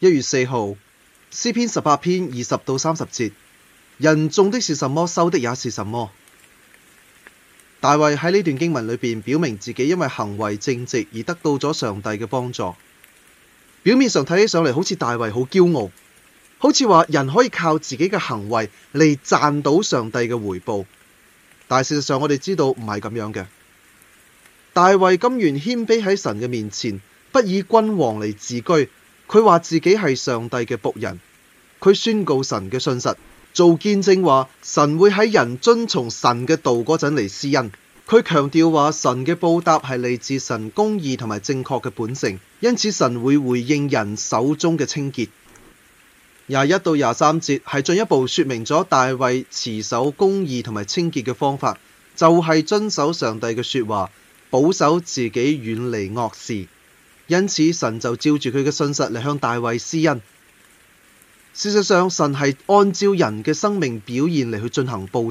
一月四號，詩篇十八篇二十到三十節，人種的是什麼，收的也是什麼。大衛喺呢段經文裏邊表明自己，因為行為正直而得到咗上帝嘅幫助。表面上睇起上嚟，好似大衛好驕傲，好似話人可以靠自己嘅行為嚟賺到上帝嘅回報。但事實上，我哋知道唔係咁樣嘅。大衛甘願謙卑喺神嘅面前，不以君王嚟自居。佢話自己係上帝嘅僕人，佢宣告神嘅信實，做見證話神會喺人遵從神嘅道嗰陣嚟施恩。佢強調話神嘅報答係嚟自神公義同埋正確嘅本性，因此神會回應人手中嘅清潔。廿一到廿三節係進一步說明咗大衛持守公義同埋清潔嘅方法，就係、是、遵守上帝嘅說話，保守自己遠離惡事。因此，神就照住佢嘅信實嚟向大衛施恩。事實上，神係按照人嘅生命表現嚟去進行報答。